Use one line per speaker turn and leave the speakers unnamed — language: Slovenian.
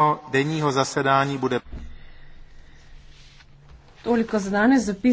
No, denního zasedání bude...
Toliko za danes zapis.